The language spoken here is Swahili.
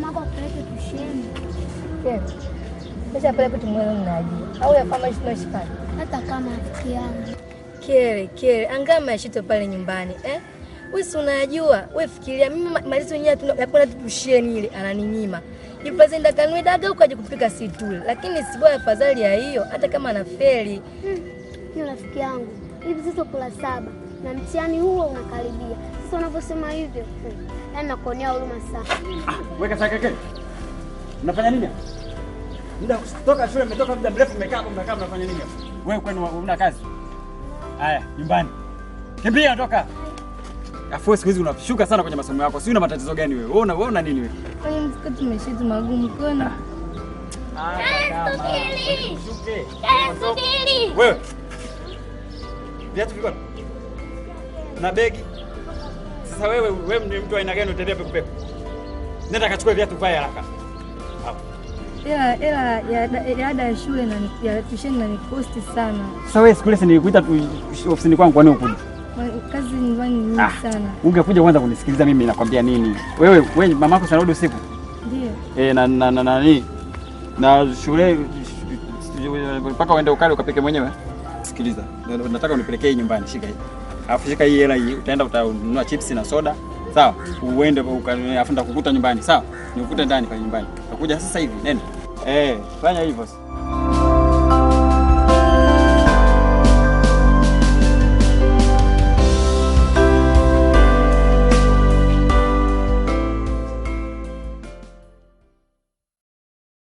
mwako apeleke tusheni. Sasa apeleke mnaji au yafama tunaishi pale, hata kama rafiki yangu Kiere Kiere angaa maishito pale nyumbani eh? We si unajua, we fikiria mimi malizo yenyewe yakuna tutusheni ile ananinyima jipazenda kanwe daga kupika situle, lakini sibwa afadhali ya hiyo, hata kama anafeli. Hmm, hiyo rafiki yangu hivi sasa kula saba na mtihani huo unakaribia. Sasa unavyosema hivyo, hmm, yaani nakuonea huruma sana. Weka sasa keke. Unafanya nini? Muda kutoka shule umetoka muda mrefu umekaa hapo mnakaa mnafanya nini? Wewe kwani una kazi? Haya, nyumbani. Kimbia toka. Afu siku hizi unashuka sana kwenye masomo yako. Si una matatizo gani wewe? Wewe una nini wewe? Kwani mziki tumeshitu magumu kona. Ah. Ah, wewe. Viatu viko na begi. Sasa wewe wewe ni mtu aina gani utembea pepe pepe? Nenda kachukue viatu vya haraka. Ila ila ya ada ya shule na ya tuition na nikosti sana. Sasa wewe siku ile nilikuita tu ofisini kwangu kwa nini ukuja? Kazi ni nyingi ah, sana. Ungekuja kwanza kunisikiliza mimi nakwambia nini. Wewe wewe mamako sanarudi usiku? Ndio. Eh, na na na nani? Na, na shule mpaka uende ukale ukapike mwenyewe. Sikiliza. Nataka unipelekee nyumbani, shika hii afu shika hii hela hii, utaenda utanunua chips na soda, sawa? Uende afu nitakukuta nyumbani, sawa? Nikukute ndani kwa nyumbani, utakuja sasa hivi, nenda. Eh, fanya hivyo.